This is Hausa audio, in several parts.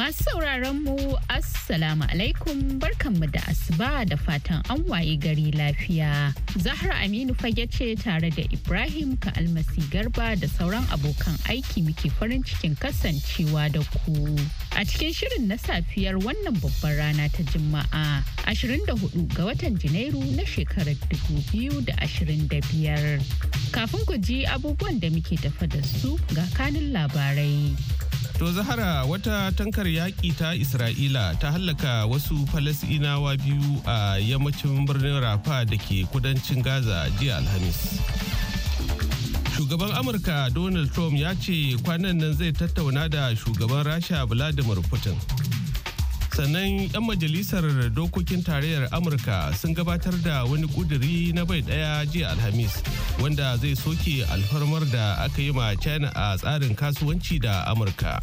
Masu sauraron mu Assalamu alaikum barkanmu da asuba da fatan an waye gari lafiya. Zahra Aminu fage ce tare da Ibrahim ka Almasi Garba da sauran abokan aiki muke farin cikin kasancewa da ku. A cikin shirin na safiyar wannan babbar rana ta Juma'a 24 ga watan Janairu na shekarar 2025. Kafin ku ji abubuwan da muke tafa da su ga kanin labarai. To Zahara wata tankar yaƙi ta Isra'ila ta hallaka wasu Falasɗinawa biyu a yammacin birnin Rafa da ke kudancin Gaza jiya Alhamis. Shugaban Amurka Donald Trump ya ce kwanan nan zai tattauna da shugaban Rasha Vladimir Putin. sannan 'yan majalisar dokokin tarayyar amurka sun gabatar da wani kuduri na bai daya jiya alhamis wanda zai soke alfarmar da aka yi ma china a tsarin kasuwanci da amurka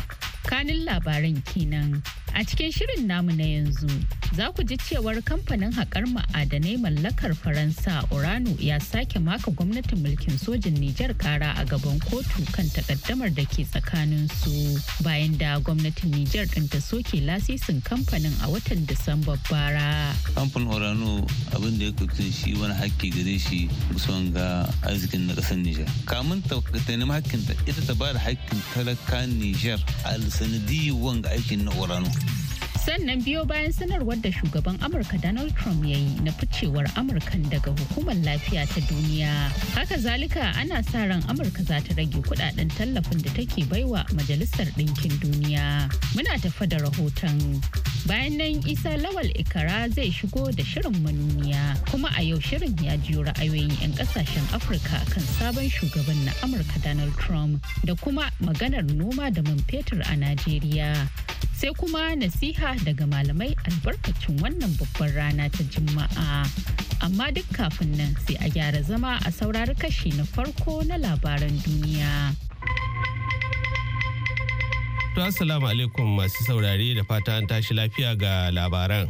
kanin labaran kenan A cikin shirin namu na yanzu za ku ji cewar kamfanin haƙar ma'adanai mallakar Faransa Urano ya sake maka gwamnatin mulkin sojin Nijar kara a gaban kotu kan takaddamar da ke tsakanin su bayan da gwamnatin Nijar ɗin ta soke lasisin kamfanin a watan Disamba bara. Kamfanin Urano abin da ya kutun shi wani haƙƙi gare shi musamman ga arzikin na ƙasar Nijar. Kamun ta nemi ta ita ta ba da haƙƙin talakan Nijar a sanadiyyar wanga aikin na Urano. sannan biyo bayan sanarwar da shugaban amurka donald trump ya yi na ficewar amurkan daga hukumar lafiya ta duniya haka zalika ana sa ran amurka za ta rage kudaden tallafin da take baiwa majalisar ɗinkin duniya muna tafa da rahoton bayan nan isa lawal ikara zai shigo da shirin manuniya kuma a yau shirin ya jiyo ra'ayoyin 'yan kasashen afirka kan sabon shugaban na amurka donald trump da kuma maganar noma da man fetur a najeriya sai kuma nasiha daga malamai albarkacin wannan babbar rana ta juma'a amma duk kafin nan sai a gyara zama a saurari kashi na farko na labaran duniya to assalamu alaikum masu saurare da fata tashi lafiya ga labaran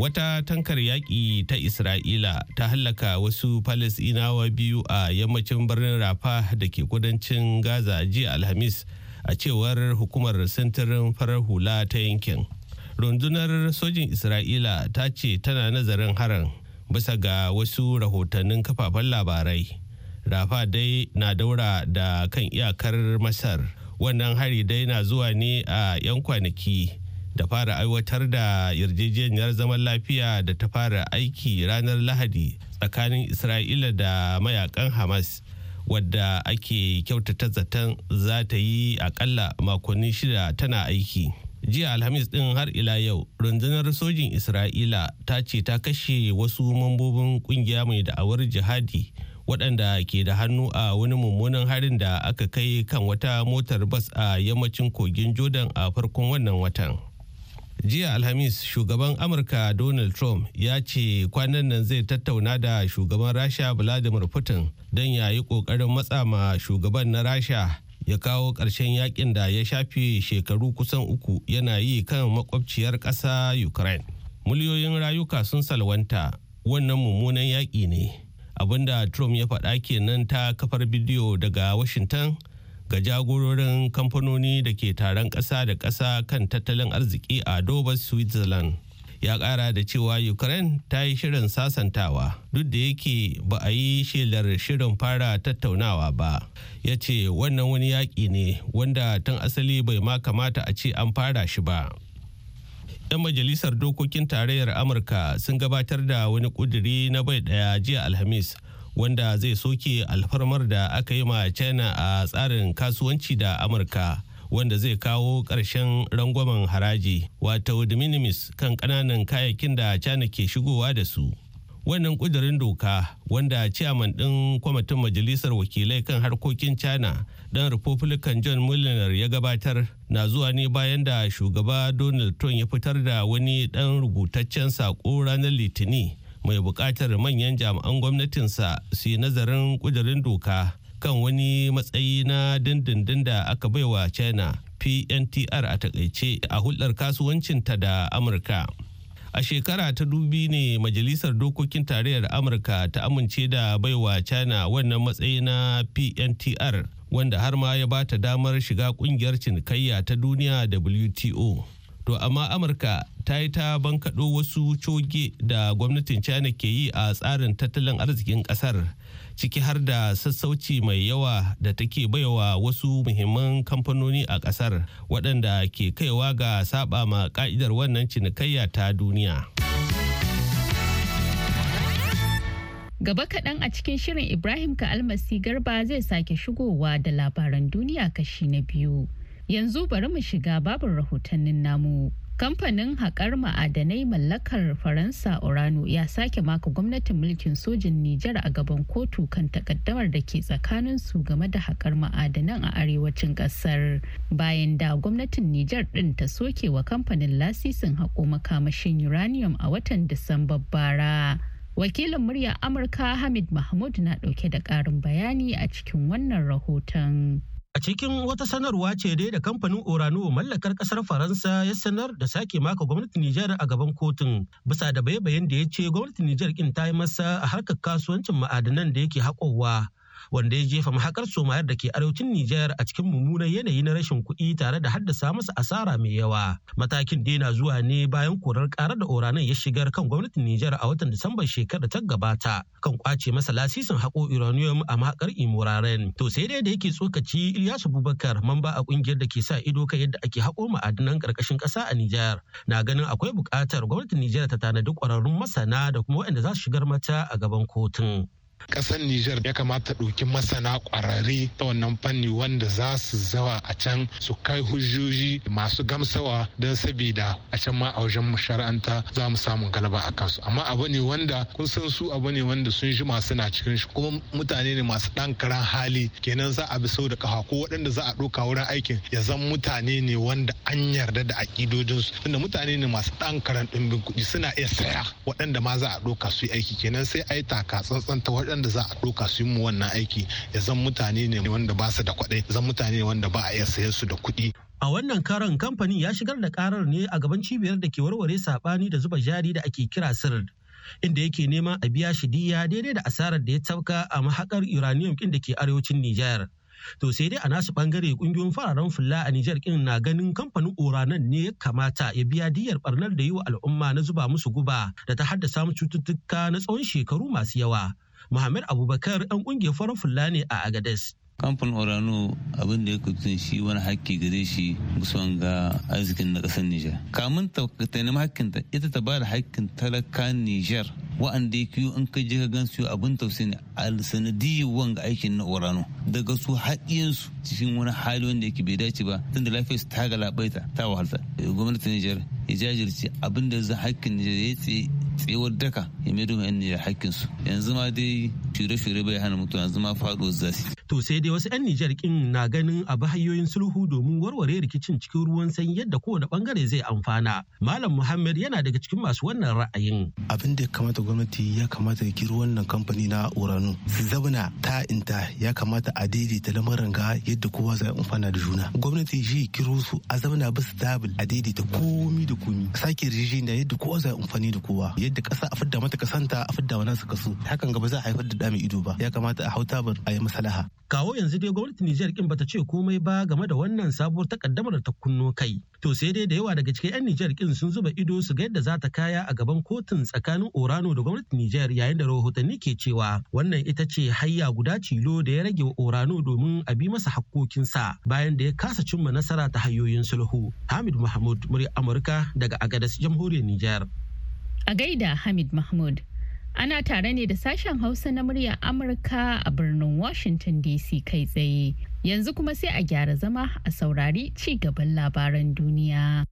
wata tankar yaƙi ta isra'ila ta hallaka wasu falasinawa biyu a yammacin birnin rafa da ke kudancin gaza jiya alhamis a cewar hukumar sintirin farar hula ta yankin rundunar sojin isra'ila ta ce tana nazarin harin bisa ga wasu rahotannin kafafen labarai rafa dai na daura da kan iyakar masar wannan hari dai na zuwa ne a 'yan kwanaki da fara aiwatar da yarjejeniyar zaman lafiya da ta fara aiki ranar lahadi tsakanin isra'ila da mayakan hamas wadda ake kyautata zaton za ta yi akalla makonni shida tana aiki jiya alhamis din har ila yau rundunar sojin isra'ila ta ce ta kashe wasu mambobin kungiya mai da'awar jihadi waɗanda ke da hannu a wani mummunan harin da aka kai kan wata motar bas a yammacin kogin jordan a farkon wannan watan jiya alhamis shugaban amurka donald trump ya ce kwanan nan zai tattauna da shugaban rasha vladimir putin don ya yi kokarin matsa ma shugaban na rasha ya kawo ƙarshen yakin da ya shafe shekaru kusan uku yana yi kan makwabciyar ƙasa ukraine miliyoyin rayuka sun salwanta wannan mummunan yaƙi ne abinda trump ya faɗa kenan ta kafar bidiyo daga washington ga jagororin kamfanoni da ke taron ƙasa da ƙasa kan tattalin arziki a dover switzerland ya ƙara da cewa ukraine ta yi shirin sasantawa duk da yake ba a yi shelar shirin fara tattaunawa ba ya ce wannan wani yaƙi ne wanda tun asali bai ma kamata a ce an fara shi ba 'yan majalisar dokokin tarayyar amurka sun gabatar da wani kuduri na bai ɗaya jiya alhamis wanda zai soke alfarmar da aka yi ma china a tsarin kasuwanci da amurka wanda zai kawo ƙarshen rangwamen haraji wato de minimis kan ƙananan kayayyakin da china ke shigowa da su wannan ƙudurin doka wanda ciyaman ɗin kwamitin majalisar wakilai kan harkokin china ɗan republican john mulliner ya gabatar na zuwa ne bayan da shugaba donald trump ya fitar da wani ɗan rubutaccen saƙo ranar litini mai buƙatar manyan jami'an gwamnatinsa su yi nazarin ƙudurin doka kan wani matsayi na dindindin da aka baiwa china pntr a takaice a hulɗar kasuwancinta da amurka a shekara ta dubi ne majalisar dokokin tarayyar amurka ta amince da baiwa china wannan matsayi na pntr wanda har ma ya ba ta damar shiga kungiyar cinikayya ta duniya wto to amma amurka ta yi ta bankaɗo wasu coge da gwamnatin china ke yi a tsarin tattalin arzikin ƙasar ciki har da sassauci mai yawa da take baiwa wasu muhimman kamfanoni a ƙasar waɗanda ke kaiwa ga saba ma ka'idar wannan cinikayya ta duniya gaba kaɗan a cikin shirin ibrahim ka almasi garba zai sake shigowa da labaran duniya kashi na biyu Yanzu bari mu shiga babin rahotannin namu. Kamfanin haƙar ma'adanai mallakar Faransa Orano ya sake maka gwamnatin mulkin sojin Nijar a gaban kotu kan takaddamar da ke tsakanin su game da haƙar ma'adanan a arewacin ƙasar. Bayan da gwamnatin Nijar ɗin ta soke wa kamfanin lasisin haƙo makamashin uranium a watan Disamba bara. Wakilin murya Amurka Hamid Mahmud na ɗauke da ƙarin bayani a cikin wannan rahoton. A cikin wata sanarwa ce dai da kamfanin Orano mallakar kasar Faransa ya sanar da sake maka gwamnatin Nijar a gaban kotun bisa da bayan da ya ce gwamnatin Nijar kin ta yi masa a harkar kasuwancin ma'adanan da yake haƙowa wanda ya jefa mahakar somayar da ke arewacin Nijar a cikin mummunan yanayi na rashin kuɗi tare da haddasa masa asara mai yawa. Matakin Dena zuwa ne bayan korar karar da oranan ya shigar kan gwamnatin Nijar a watan Disambar shekarar ta gabata kan kwace masa lasisin haƙo uranium a mahakar Imuraren. To sai dai da yake tsokaci Ilyasu Bubakar mamba a ƙungiyar da ke sa ido kan yadda ake haƙo ma'adinan ƙarƙashin ƙasa a Nijar. Na ganin akwai buƙatar gwamnatin Nijar ta tanadi ƙwararrun masana da kuma waɗanda za su shigar mata a gaban kotun. ƙasar Nijar ya kamata ɗauki masana ƙwararre ta wannan fanni wanda za su zawa a can su kai hujjoji masu gamsawa don sabida a can ma a wajen shari'anta za mu samu galaba a kansu amma abu ne wanda kun san su abu ne wanda sun ji masu na cikin shi kuma mutane ne masu ɗan karan hali kenan za a bi sau da kafa ko waɗanda za a ɗauka wurin aikin ya zan mutane ne wanda an yarda da aƙidodinsu tunda mutane ne masu ɗan karan ɗumbin kuɗi suna iya saya waɗanda ma za a ɗauka su yi aiki kenan sai a yi taka tsantsan ta waɗanda za a ɗauka su yi mu wannan aiki ya zan mutane ne wanda ba su da kuɗi zan mutane ne wanda ba a iya sayan su da kuɗi. A wannan karon kamfanin ya shigar da karar ne a gaban cibiyar da ke warware saɓani da zuba jari da ake kira sir Inda yake neman a biya shi diya daidai da asarar da ya tabka a mahakar uranium ɗin da ke arewacin Nijar. to sai dai a nasu bangare kungiyoyin fararen fulla a Nijar kin na ganin kamfanin oranan ne ya kamata ya biya diyar barnar da yi wa al'umma na zuba musu guba da ta haddasa mu cututtuka na tsawon shekaru masu yawa Muhammad Abubakar ɗan ƙungiyar farar Fulani a Agades. Kamfan orano abin da ya kutun shi wani hakki gare shi musamman ga arzikin na ƙasar nijar kamun ta nemi hakkinta ita ta ba da hakkin talakan nijar wa'anda ya kiyo in ka je ka gan su abin tausayi ne a sanadiyyar wanga aikin na orano daga su haƙiyansu cikin wani hali wanda yake bai dace ba tunda lafiyar su ta galabaita ta wahalta gwamnatin nijar ya jajirce abin da zan hakkin nijar ya tsaye tsewar daka ya maido ma 'yan su hakkinsu yanzu ma dai shirye-shirye bai hana mutu yanzu ma faɗo zasi. To sai dai wasu 'yan Nijar kin na ganin abu hanyoyin sulhu domin warware rikicin cikin ruwan sanyi yadda kowane bangare zai amfana. Malam Muhammad yana daga cikin masu wannan ra'ayin. Abin da ya kamata gwamnati ya kamata ya kiri wannan kamfani na Uranu. Su zauna ta inta ya kamata a daidaita lamarin ga yadda kowa zai amfana da juna. Gwamnati shi kiro su a zauna bisa tabil a daidaita komi da komi. Sake rijiyar yadda kowa zai amfani da kowa. Yadda ƙasa a fidda mata kasanta a fidda wani su kasu. Hakan gaba za a haifar da mai ido ba ya kamata a hau tabar a yi maslaha kawo yanzu dai gwamnatin Nijar kin bata ce komai ba game da wannan sabuwar takaddamar da ta kunno kai to sai dai da yawa daga cikin 'yan Nijar kin sun zuba ido su ga yadda za ta kaya a gaban kotun tsakanin Orano da gwamnatin Nijar yayin da rahotanni ke cewa wannan ita ce hayya guda cilo da ya rage wa Orano domin a bi masa hakkokinsa bayan da ya kasa cimma nasara ta hanyoyin sulhu Hamid Mahmud murya Amurka daga Agadas jamhuriyar Nijar a gaida Hamid Mahmud Ana tare ne da sashen Hausa na muryar Amurka a birnin Washington DC kai tsaye. Yanzu kuma sai a gyara zama a saurari ci gaban labaran duniya.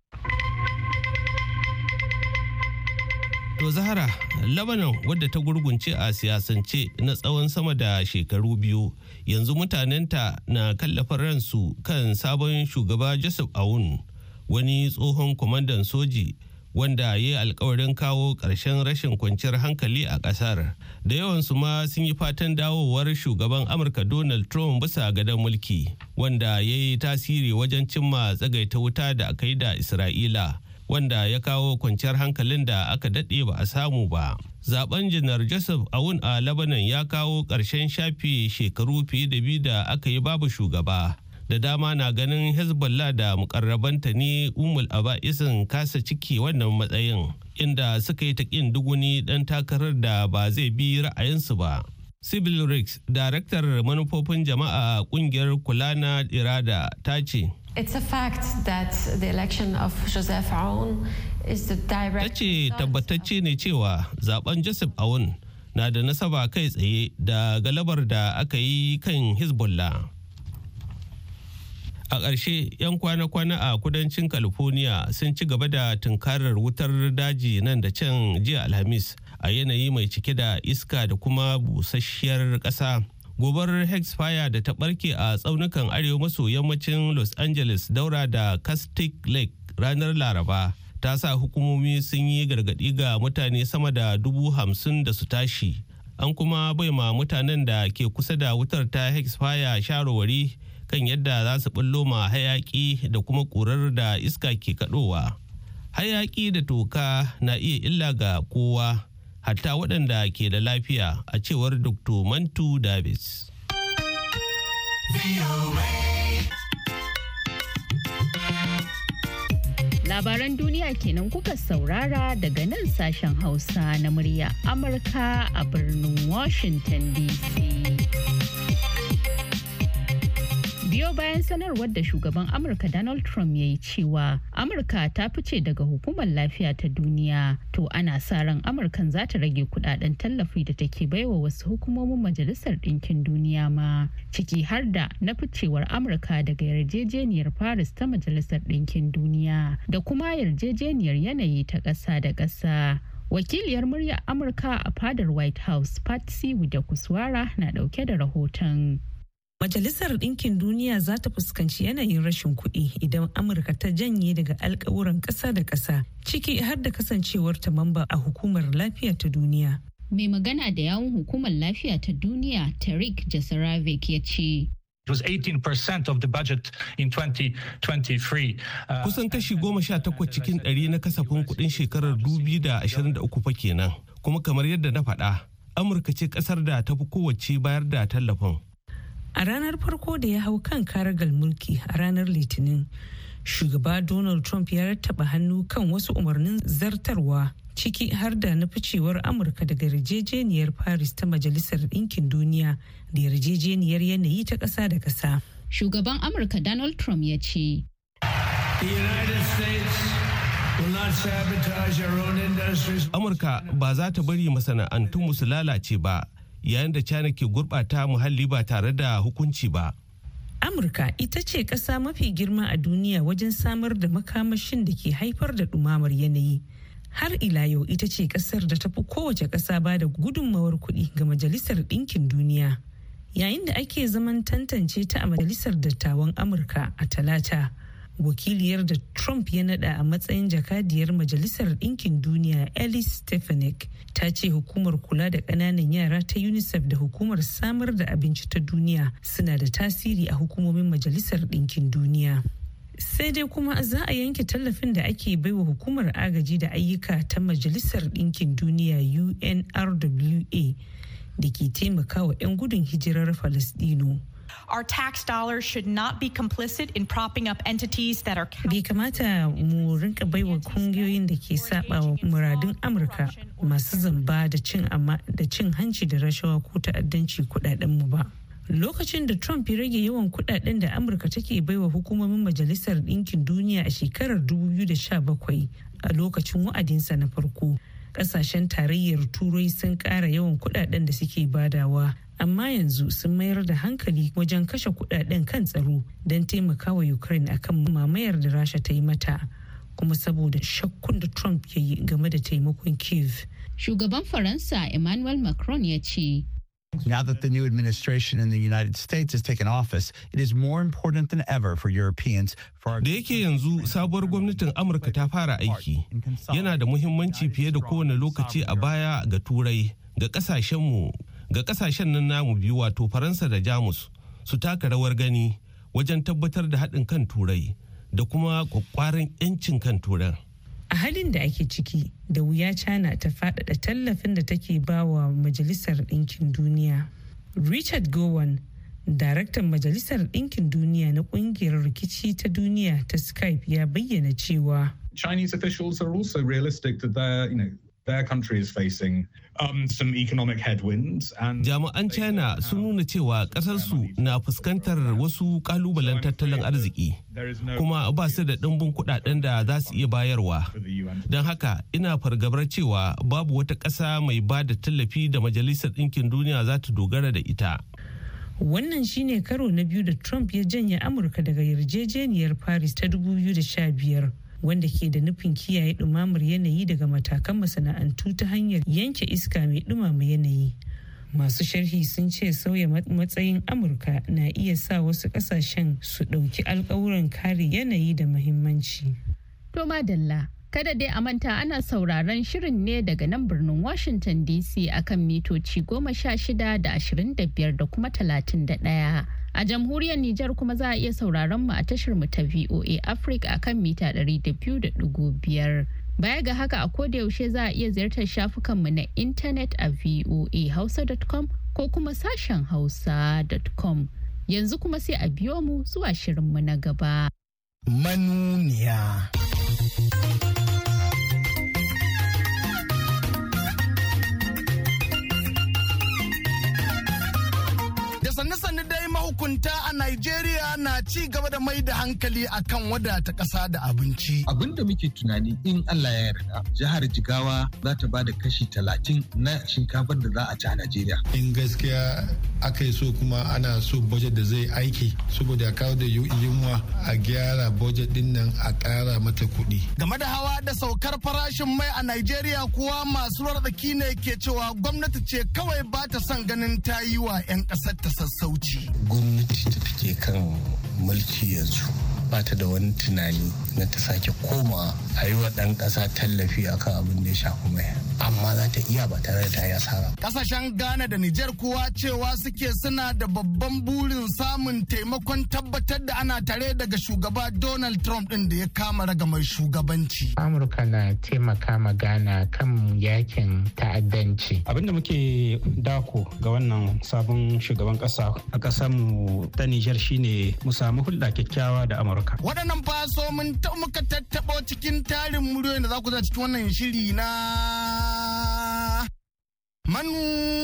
To Zahara, Lebanon wadda ta gurgunce a siyasance na tsawon sama da shekaru biyu, yanzu mutanenta na kallafa ransu kan sabon shugaba Joseph Aoun, wani tsohon kwamandan soji wanda ya yi alkawarin kawo ƙarshen rashin kwanciyar hankali a ƙasar da yawansu ma sun yi fatan dawowar shugaban amurka donald trump bisa gadon mulki wanda ya yi tasiri wajen cimma tsagaita wuta da aka yi da isra'ila wanda ya kawo kwanciyar hankalin da aka daɗe ba a samu ba zaben janar joseph awun a labanan ya kawo ƙarshen shafi shekaru fiye da biyu da aka yi babu shugaba da dama na ganin hezbollah da mukarrabanta ne umul aba'isin kasa ciki wannan matsayin inda suka yi taƙin duguni dan takarar da ba zai bi ra'ayinsu ba civil rights director manufofin jama'a ƙungiyar kula na irada ta ce Ta ce tabbatacce ne cewa zaben Joseph Aoun na da nasaba kai tsaye da galabar da aka yi kan Hezbollah. a ƙarshe 'yan kwana-kwana a kudancin california sun ci gaba da tunkarar wutar daji nan da can jiya alhamis a yanayi mai cike da iska da kuma busasshiyar ƙasa gobar hexfire da ta ɓarke a tsaunukan arewa maso yammacin los angeles daura da castic lake ranar laraba ta sa hukumomi sun yi gargaɗi ga mutane sama da dubu hamsin da su tashi an kuma bai ma mutanen da ke kusa da wutar ta hexfire shawarwari kan yadda za su bullo ma hayaki da kuma ƙurar da iska ke kaɗowa. Hayaki da toka na iya illa ga kowa, hatta waɗanda ke da lafiya a cewar Dr. Mantu Davis. Labaran duniya kenan kuka saurara daga nan sashen Hausa na murya Amurka a birnin Washington DC. biyo bayan sanarwar da shugaban amurka donald trump ya yi cewa amurka ta fice daga hukumar lafiya ta duniya to ana sa ran amurkan za ta rage kudaden tallafi da take baiwa wasu hukumomin majalisar ɗinkin duniya ma ciki har da na ficewar amurka daga yarjejeniyar paris ta majalisar ɗinkin duniya da kuma yarjejeniyar yanayi ta ƙasa da ƙasa wakiliyar muryar amurka a fadar white house patsy da kuswara na ɗauke da rahoton Majalisar Ɗinkin Duniya za ta fuskanci yanayin rashin kuɗi idan Amurka ta janye daga alkawuran ƙasa da ƙasa ciki har da kasancewar ta mamba a hukumar lafiya ta duniya. Mai magana da yawun hukumar lafiya ta duniya Tariq Jasaravic ya ce. Uh, Kusan kashi goma sha takwas cikin ɗari na kasafin kuɗin shekarar uku fa kenan. Kuma kamar yadda na faɗa, Amurka ce ƙasar da ta fi kowace bayar da tallafin. a ranar farko da ya hau kan karagal mulki a ranar litinin shugaba donald trump ya rattaba hannu kan wasu umarnin zartarwa ciki har da na ficewar amurka daga yarjejeniyar paris ta majalisar Dinkin duniya da yarjejeniyar yanayi ta ƙasa da Kasa. shugaban amurka donald trump ya ce amurka ba za ta bari masana'antu su lalace ba yayin da china ke gurɓata muhalli ba tare da hukunci ba amurka ita ce ƙasa mafi girma a duniya wajen samar da makamashin da ke haifar da ɗumamar yanayi har ila yau ita ce ƙasar da tafi kowace ƙasa ba da gudunmawar kuɗi ga majalisar ɗinkin duniya yayin da ake zaman tantance ta a majalisar dattawan amurka a talata wakiliyar da Trump ya nada a matsayin jakadiyar Majalisar Dinkin Duniya Alice Stefanik ta ce hukumar kula da ƙananan yara ta UNICEF da hukumar samar da abinci ta duniya suna da tasiri a hukumomin Majalisar Dinkin Duniya. sai dai kuma za a yanke tallafin da ake baiwa hukumar agaji da ayyuka ta majalisar Dinkin duniya unrwa da ke taimakawa 'yan gudun hijirar falasdino Our tax dollars should not be complicit in propping up entities that are Bai kamata mu rinka baiwa kungiyoyin da ke saba wa muradun Amurka masu zamba da cin amma da cin hanci da rashawa ko ta'addanci kudaden mu ba. Lokacin da Trump ya rage yawan kudaden da Amurka take baiwa hukumomin Majalisar Dinkin Duniya a shekarar 2017 a lokacin wa'adinsa na farko. ƙasashen tarayyar turai sun ƙara yawan kudaden da suke badawa amma yanzu sun mayar da hankali wajen kashe kudaden kan tsaro don taimakawa ukraine akan mamayar da rasha ta yi mata kuma saboda shakkun da trump ya yi game da taimakon kiev shugaban faransa emmanuel macron ya ce Now that the new administration in the United States has taken office, it is more important than ever for Europeans Da yake yanzu sabuwar gwamnatin Amurka ta fara aiki, yana da muhimmanci fiye da kowane lokaci a baya ga Turai, ga kasashenmu ga kasashen nan namu biyu wato faransa da jamus su taka rawar gani wajen tabbatar da haɗin kan turai da kuma kwakwaran 'yancin kan turai. a halin da ake ciki da wuya china ta faɗaɗa tallafin da take ba wa majalisar ɗinkin duniya richard gowan daraktan majalisar ɗinkin duniya na ƙungiyar rikici ta duniya ta skype ya bayyana cewa chinese officials are also realistic that you their country is facing um, economic headwinds and jami'an china sun nuna cewa ƙasarsu na fuskantar wasu ƙalubalen tattalin arziki kuma ba su da ɗimbin kuɗaɗen da za su iya bayarwa don haka ina fargabar cewa babu wata ƙasa mai ba da tallafi da majalisar ɗinkin duniya za ta dogara da ita wannan shine karo na biyu da trump ya janye amurka daga yarjejeniyar paris ta 2015 wanda ke da nufin kiyaye ɗumamar yanayi daga matakan masana'antu ta hanyar yanke iska mai ɗumama yanayi. Masu sharhi sun ce sauya matsayin Amurka na iya sa wasu ƙasashen su ɗauki alkawuran kare yanayi da mahimmanci To madalla, kada dai a manta ana sauraron shirin ne daga nan birnin Washington DC akan mitoci goma sha shida da ashirin da biyar da kuma talatin da ɗaya. A jamhuriyar Nijar kuma za a iya sauraron mu a tashar mu ta VOA Africa kan mita 200.5. Baya ga haka a koda yaushe za a iya ziyartar shafukanmu na intanet a voahausa.com ko kuma sashen hausa.com. Yanzu kuma sai a biyo mu zuwa shirin mu na gaba. Manuniya. sanne-sanne dai mahukunta a Najeriya na ci gaba da mai da hankali akan wadata ƙasa da abinci. Abin da muke tunani in Allah ya yarda jihar Jigawa za ta bada kashi talatin na shinkafar da za a ci a Najeriya. In gaskiya aka yi so kuma ana so budget da zai aiki saboda kawo da yunwa a gyara budget din nan a ƙara mata kuɗi. Game da hawa da saukar farashin mai a Najeriya kuwa masu rarraki ne ke cewa gwamnati ce kawai ba ta son ganin ta yi wa 'yan ƙasar ta sauci gwamnati ta take kan mulki yanzu ba ta da wani tunani na ta sake koma a yi wa ɗan ƙasa tallafi akan abin da ya shafi mai amma za ta iya ba tare da ta yi asara. Ƙasashen Ghana da Nijar kuwa cewa suke suna da babban burin samun taimakon tabbatar da ana tare daga shugaba Donald Trump ɗin da ya kama ragamar shugabanci. Amurka na taimaka ma Ghana kan yakin ta'addanci. Abin da muke dako ga wannan sabon shugaban ƙasa a ƙasar mu ta Nijar shine mu samu hulɗa kyakkyawa da Amurka. Amurka. Waɗannan faso mun ta muka tattaɓo cikin tarin muryoyin da za ku za cikin wannan shiri na manu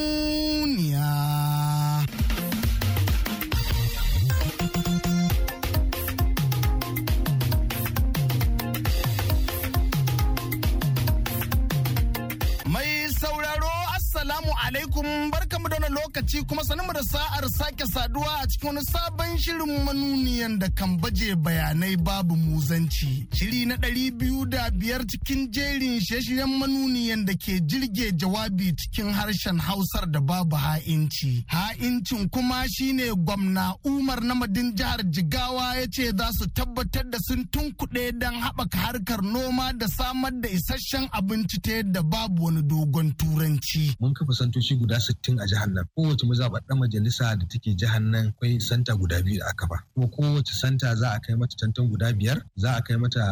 lokaci kuma sanin da sa'ar sake saduwa a cikin wani sabon shirin manuniyan da kan baje bayanai babu muzanci. Shiri na ɗari biyu da biyar cikin jerin shirye-shiryen manuniyan da ke jirge jawabi cikin harshen Hausar da babu ha'inci. Ha'incin kuma shine gwamna Umar Namadin jihar Jigawa ya ce za su tabbatar da sun tunkuɗe don haɓaka harkar noma da samar da isasshen abinci ta yadda babu wani dogon turanci. Mun kafa santoci guda sittin a jihar nan. kowace mazaɓaɗɗen majalisa da take jihar nan akwai santa guda biyu da aka ba kuma kowace santa za a kai mata tantan guda biyar za a kai mata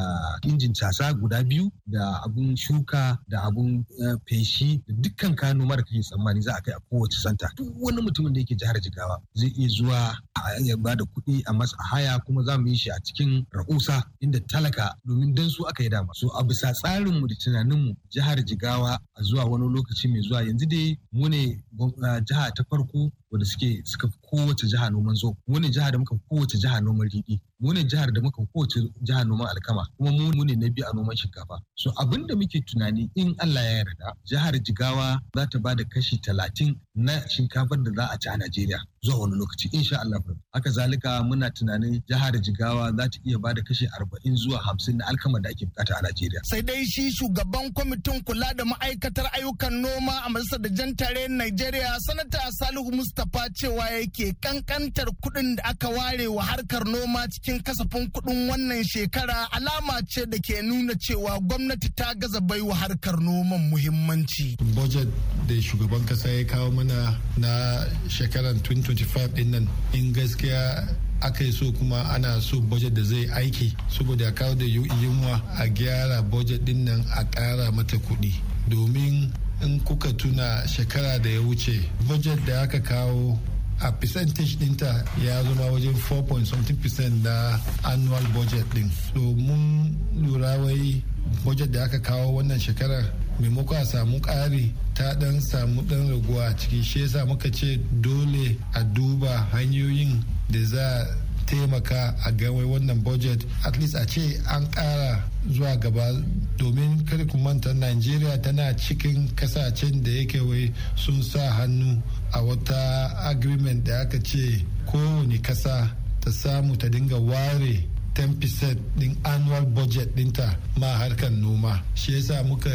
injin casa guda biyu da abun shuka da abun eh, feshi da dukkan kayan noma kake tsammani za a kai a kowace santa duk wani mutumin da yake jihar jigawa zai iya zuwa a ba da kuɗi a masa haya kuma za mu yi shi a cikin ra'usa inda talaka domin dan su aka yi dama so a bisa tsarin mu da tunanin mu jihar jigawa a zuwa wani lokaci mai zuwa yanzu dai mu ne eh, jihar ta farko wanda suke suka fi kowace jiha noman zo mu ne jiha da muka kowace jiha noman riɗi mu ne jihar da muka kowace jiha noman alkama kuma mu ne na biyu a noman shinkafa so abin da muke tunani in Allah ya yarda jihar Jigawa za ta ba da kashi talatin na shinkafar da za a ci a Najeriya zuwa wani lokaci insha Allah haka zalika muna tunanin jihar Jigawa za ta iya ba da kashi arba'in zuwa hamsin na alkama da ake bukata a Najeriya sai dai shi shugaban kwamitin kula da ma'aikatar ayyukan noma a majalisar da jan tare Najeriya sanata Salihu Mustapha mustapha cewa yake kankantar kuɗin da aka ware wa harkar noma cikin kasafin kuɗin wannan shekara alama ce da ke nuna cewa gwamnati ta gaza baiwa harkar noman muhimmanci budget da shugaban kasa ya kawo mana na shekarar 2025 din nan in gaskiya aka yi so kuma ana so budget da zai aiki saboda kawo da yunwa a gyara budget din nan a ƙara mata kuɗi domin in kuka tuna shekara da ya wuce budget da aka kawo a percentage dinta ya zama wajen 4.7% na annual budget din so mun lura wai budget da aka kawo wannan shekarar maimakon a samu ƙari ta dan samu dan raguwa a ciki shi yasa muka ce dole a duba hanyoyin da za taimaka a gawai wannan budget at least a ce an kara zuwa gaba domin kar ku manta nigeria tana cikin kasashen da yake wai sun sa hannu a wata agreement da aka ce kowane kasa ta samu ta dinga ware 10% din annual budget dinta ma harkar noma shi yasa muka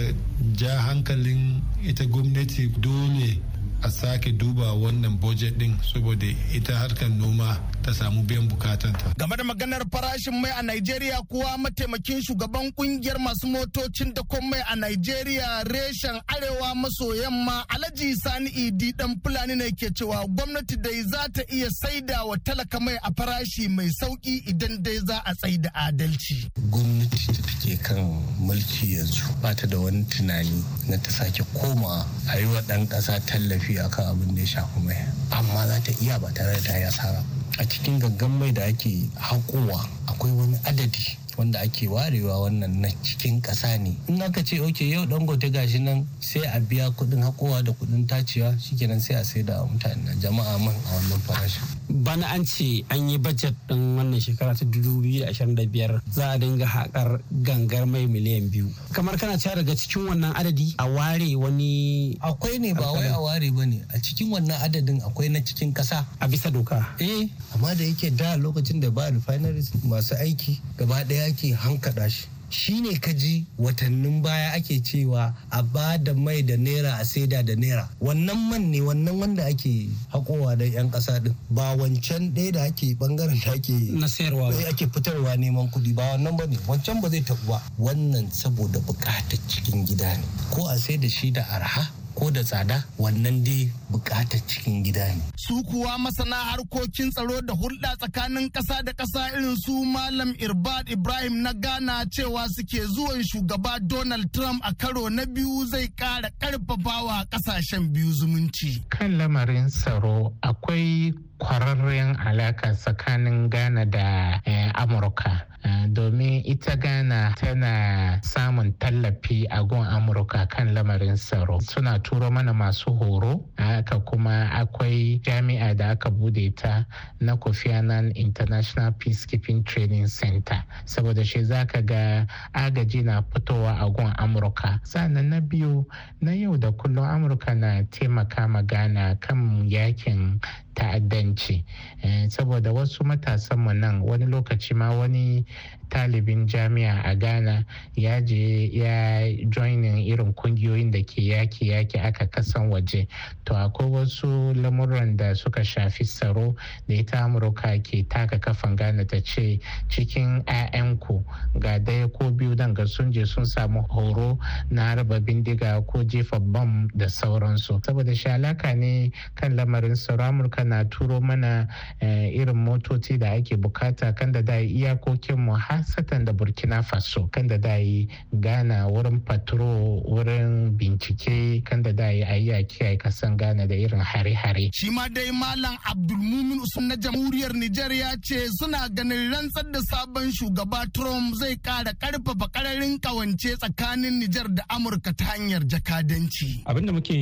ja hankalin ita gwamnati dole a sake duba wannan budget din saboda ita harkar noma ta samu biyan bukatanta. Game da maganar farashin mai a Najeriya kuwa mataimakin shugaban kungiyar masu motocin da mai a Najeriya reshen arewa maso yamma Alhaji Sani Idi dan Fulani ne ke cewa gwamnati dai za ta iya saida wa talaka mai a farashi mai sauki idan dai za a tsaida adalci. Gwamnati ta take kan mulki yanzu ba ta da wani tunani na ta sake koma a yi wa ɗan ƙasa tallafi akan abin da ya shafi mai amma za ta iya ba tare da ta yi asara. a cikin gangan mai da ake haƙowa akwai wani adadi wanda ake warewa wannan na cikin ƙasa ne in aka ce ok yau dangote gashi nan sai a biya kuɗin haƙowa da kuɗin tacewa shikenan sai a sai da mutane jama'a man a wannan farashin bana an ce an yi budget din wannan shekara ta 2025 za a dinga haƙar gangar mai miliyan biyu kamar kana cewa daga cikin wannan adadi a ware wani akwai ne ba wai a ware ba ne a cikin wannan adadin akwai na cikin ƙasa a bisa doka eh amma da yake da lokacin da ba refineries masu aiki gaba ɗaya ke hankada shi shine ka ji watannin baya ake cewa a ba da mai da naira a saida da naira wannan man ne wannan wanda ake hakowa da yan kasa din ba wancan ɗaya da ake bangaren da ake na ba ake fitarwa neman kuɗi ba wannan ba ne wancan ba zai taɓa wannan saboda bukatar cikin gida ne ko a sai shi da arha ko da tsada wannan dai bukatar cikin gida ne. Su kuwa masana harkokin tsaro da hulɗa tsakanin ƙasa da ƙasa irin su Malam Irbad Ibrahim na Ghana cewa suke zuwan shugaba Donald Trump a karo na biyu zai ƙara ƙarfafa ƙarfafawa ƙasashen biyu zumunci. Kan lamarin tsaro akwai kwararren alaka tsakanin ghana da eh, amurka eh, domin ita ghana tana samun tallafi a gun amurka kan lamarin tsaro suna turo mana masu horo haka kuma akwai jami'a da aka bude ta na kofi annan international peacekeeping training center saboda shi zaka ga agaji na fitowa a gun amurka sannan na biyu na yau da kullum amurka na taimaka ma gana kan yakin ta'addanci eh, saboda wasu matasan mu nan wani lokaci ma wani talibin jami'a a ghana ya je ya joinin irin kungiyoyin da ke yaki yaki aka kasan waje to akwai wasu lamuran da suka shafi tsaro da ita amurka ke taka kafan ghana ta ce cikin 'ya'yanku ga daya ko biyu dan ga sun je sun samu horo na raba bindiga ko jefa bam da sauransu saboda shi alaka ne kan lamarin tsaro amurka na turo mana eh, irin motoci da ake bukata kan da dai iyakokin mu hasatan da burkina faso kan da dai gana wurin patro wurin bincike kan da dai a ayi kiyaye kasan gana da irin hare-hare shi ma dai malam abdulmumin usman na jamhuriyar nijar ya ce suna ganin rantsar da sabon shugaba trump zai kara karfafa kararin kawance tsakanin nijar da amurka ta hanyar jakadanci abinda muke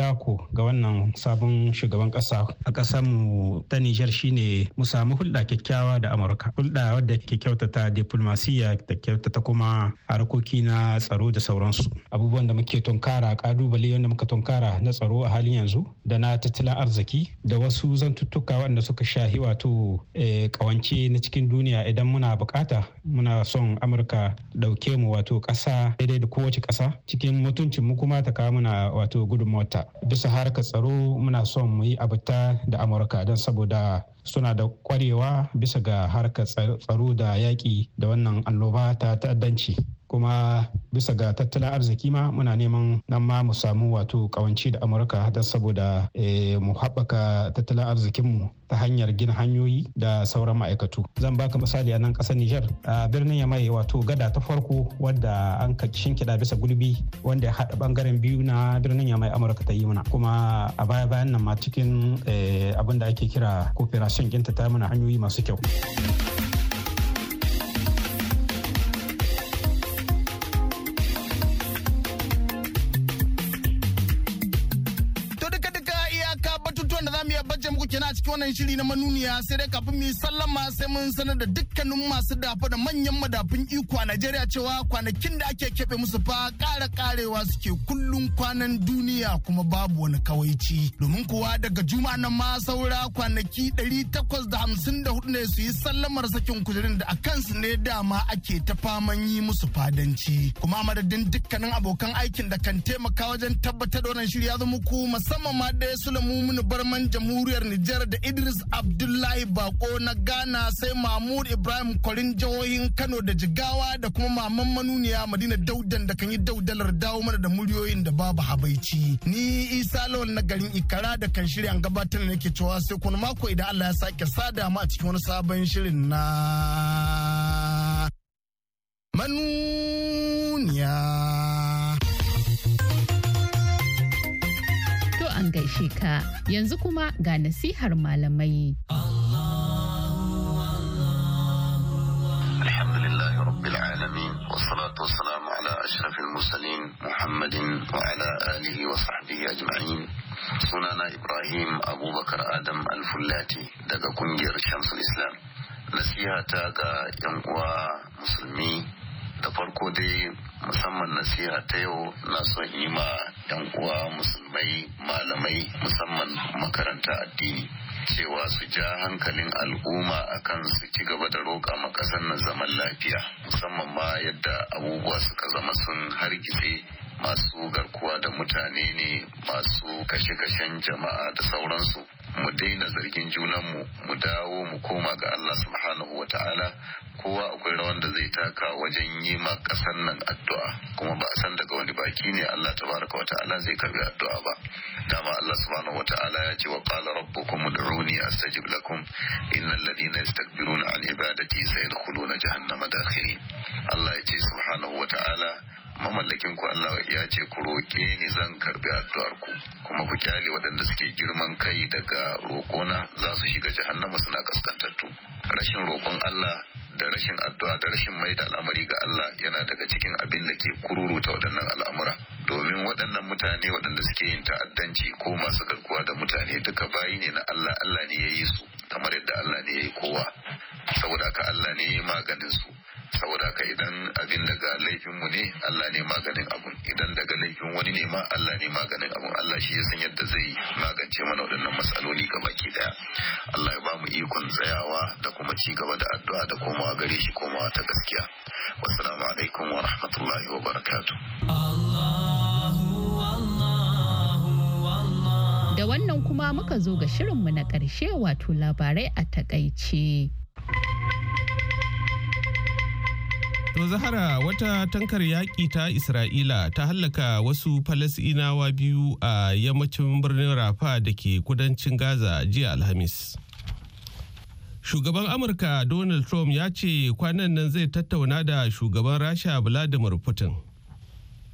dako ga wannan sabon shugaban kasa a mu ta Nijar shine mu samu hulɗa kyakkyawa da Amurka. Hulɗa wadda ke kyautata diplomasiya da kyautata kuma harkoki na tsaro da sauransu. Abubuwan da muke tunkara ƙalubale wanda muka tunkara na tsaro a halin yanzu da na tattalin arziki da wasu zantuttuka waɗanda suka shahi wato eh, ƙawance na cikin duniya idan muna bukata muna son Amurka ɗauke mu wato ƙasa daidai da kowace ƙasa cikin mutuncin mu kuma ta kawo muna wato gudunmawata. Bisa harkar tsaro muna son mu yi abu ta iran da amurka don saboda suna da kwarewa bisa ga harkar tsaro da yaƙi da wannan annoba ta ta'addanci kuma bisa ga tattalin arziki ma muna neman nan ma mu samu wato kawanci da amurka don saboda eh, mu haɓaka tattalin arzikinmu ta hanyar gina hanyoyi da sauran ma'aikatu zan baka misali a nan ƙasar niger a birnin yamai wato gada ta farko wadda an ka shinkida bisa gulbi wanda ya haɗa ɓangaren biyu na birnin yamai amurka ta yi mana kuma a baya bayan nan ma cikin eh, abin da ake kira cooperation ginta ta mana hanyoyi masu kyau. wannan shiri na manuniya sai dai kafin mu sallama sai mun sanar da dukkanin masu dafa da manyan madafin iko a Najeriya cewa kwanakin da ake keɓe musu fa ƙara ƙarewa suke kullum kwanan duniya kuma babu wani kawaici. Domin kuwa daga juma'a nan ma saura kwanaki 854 ne su yi sallamar sakin kujerin da a kansu ne dama ake ta faman yi musu fadanci. Kuma madadin dukkanin abokan aikin da kan taimaka wajen tabbatar da wannan shiri ya zama ku musamman ma da su lamu mini barman jamhuriyar Nijar da Idris Idris Abdullahi Bako na Ghana sai Mahmud Ibrahim Kwarin jihohin Kano da Jigawa da kuma Maman Manuniya Madina Daudan da kan yi daudalar dawo mana da muryoyin da babu habaici. Ni Isa lawan na garin Ikara da kan shirya gabatar da ke cewa sai kuma mako idan Allah ya sake sada ma a cikin wani sabon shirin na manuniya. gaishe yanzu kuma ga nasihar malamai. Alhamdulillah Rabbil Alamin wassalatu wassalamu ala ashrafil mursalin Muhammadin wa ala alihi wa ajma'in sunana Ibrahim Abubakar Adam alfulati daga kungiyar Shamsul Islam nasiha ta ga yan uwa musulmi da farko dai musamman nasiha ta yau na son yi ma yan uwa musulmai malamai musamman makaranta addini cewa su ja hankalin al'umma akan su ci gaba da roƙa ma ƙasar zaman lafiya musamman ma yadda abubuwa suka zama sun hargitse masu garkuwa da mutane ne masu kashe-kashen jama'a da sauransu mu daina zargin junanmu mu dawo mu koma ga Allah subhanahu wa ta'ala kowa akwai rawan da zai taka wajen yi ma ƙasar nan addu'a kuma ba a san daga wani baki ne Allah tabaraka wa ta'ala zai karbi addu'a ba dama Allah subhanahu wa ta'ala ya ce wa qala rabbukum ud'uni astajib lakum innal ladina yastakbiruna an ibadati sayadkhuluna jahannama dakhirin Allah ya ce subhanahu wa ta'ala mamallakin ku Allah ya ce ku roƙe ni zan karbi addu'ar ku kuma ku kyale waɗanda suke girman kai daga roƙona za su shiga jahannama suna kaskantattu rashin roƙon Allah da rashin addu'a da rashin mai da al'amari ga Allah yana daga cikin abin da ke kururuta waɗannan al'amura domin waɗannan mutane waɗanda suke yin ta'addanci ko masu garkuwa da mutane duka bayi ne na Allah Allah ne ya yi su kamar yadda Allah ne ya yi kowa saboda ka Allah ne ya yi maganin su saboda ka idan laifinmu ne Allah ne maganin abun idan daga laifin wani ne ma Allah ne maganin abun Allah shi ya san yadda zai magance mana waɗannan matsaloli gaba ke daya Allah ya ba mu ikon tsayawa da kuma ci gaba da addu'a da komawa gare shi komawa ta gaskiya wassalamu alaikum wa rahmatullahi wa barakatuh Da wannan kuma muka zo ga shirin mu na ƙarshe wato labarai a takaice. To Zahara wata tankar yaƙi ta Isra'ila ta hallaka wasu Falasinawa biyu a yammacin birnin Rafa da ke kudancin Gaza jiya Alhamis. Shugaban Amurka Donald Trump ya ce kwanan nan zai tattauna da shugaban Rasha Vladimir Putin.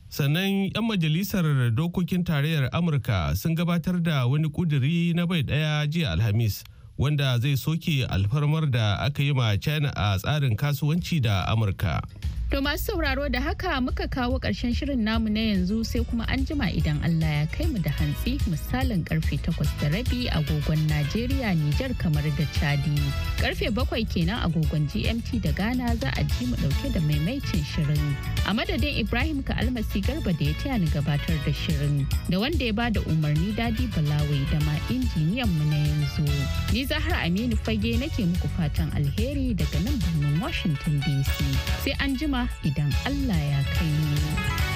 Sannan 'yan majalisar dokokin tarayyar Amurka sun gabatar da wani ƙuduri na bai ɗaya jiya Alhamis. wanda zai soke alfarmar da aka yi ma china a tsarin kasuwanci da amurka To masu sauraro da haka muka kawo ƙarshen shirin namu na yanzu sai kuma an jima idan Allah ya kai mu da hantsi misalin karfe takwas da rabi agogon Najeriya Nijar kamar da Chadi. Karfe bakwai kenan agogon GMT da Ghana za a ji mu ɗauke da maimaicin shirin. A madadin Ibrahim ka almasi garba da ya taya ni gabatar da shirin da wanda ya bada umarni dadi Balawe da ma injiniyan mu na yanzu. Ni Zahra Aminu Fage nake muku fatan alheri daga nan birnin Washington DC. Sai an jima idan Allah ya kai ni.